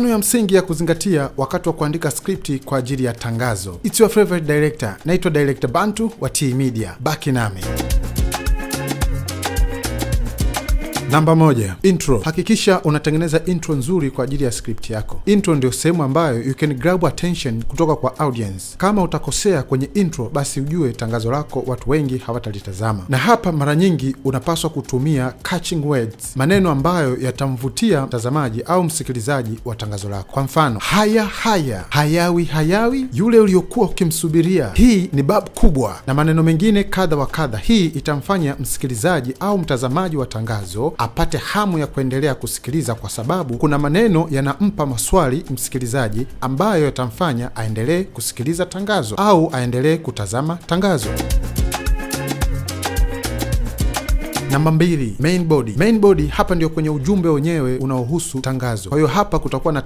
mifano ya msingi ya kuzingatia wakati wa kuandika skripti kwa ajili ya tangazo. It's your favorite director. Naitwa director Bantu wa T Media. Baki nami. Namba moja, intro. Hakikisha unatengeneza intro nzuri kwa ajili ya script yako. Intro ndio sehemu ambayo you can grab attention kutoka kwa audience. Kama utakosea kwenye intro, basi ujue tangazo lako watu wengi hawatalitazama. Na hapa mara nyingi unapaswa kutumia catching words, maneno ambayo yatamvutia mtazamaji au msikilizaji wa tangazo lako. Kwa mfano, haya haya, hayawi hayawi, yule uliokuwa ukimsubiria, hii ni babu kubwa, na maneno mengine kadha wa kadha. Hii itamfanya msikilizaji au mtazamaji wa tangazo apate hamu ya kuendelea kusikiliza, kwa sababu kuna maneno yanampa maswali msikilizaji ambayo yatamfanya aendelee kusikiliza tangazo au aendelee kutazama tangazo. Namba mbili, main body. Main body hapa ndio kwenye ujumbe wenyewe unaohusu tangazo. Kwa hiyo hapa kutakuwa na